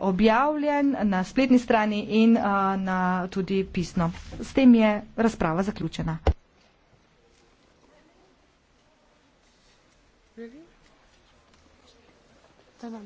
objavljen na spletni strani in na tudi pisno. S tem je razprava zaključena. Really?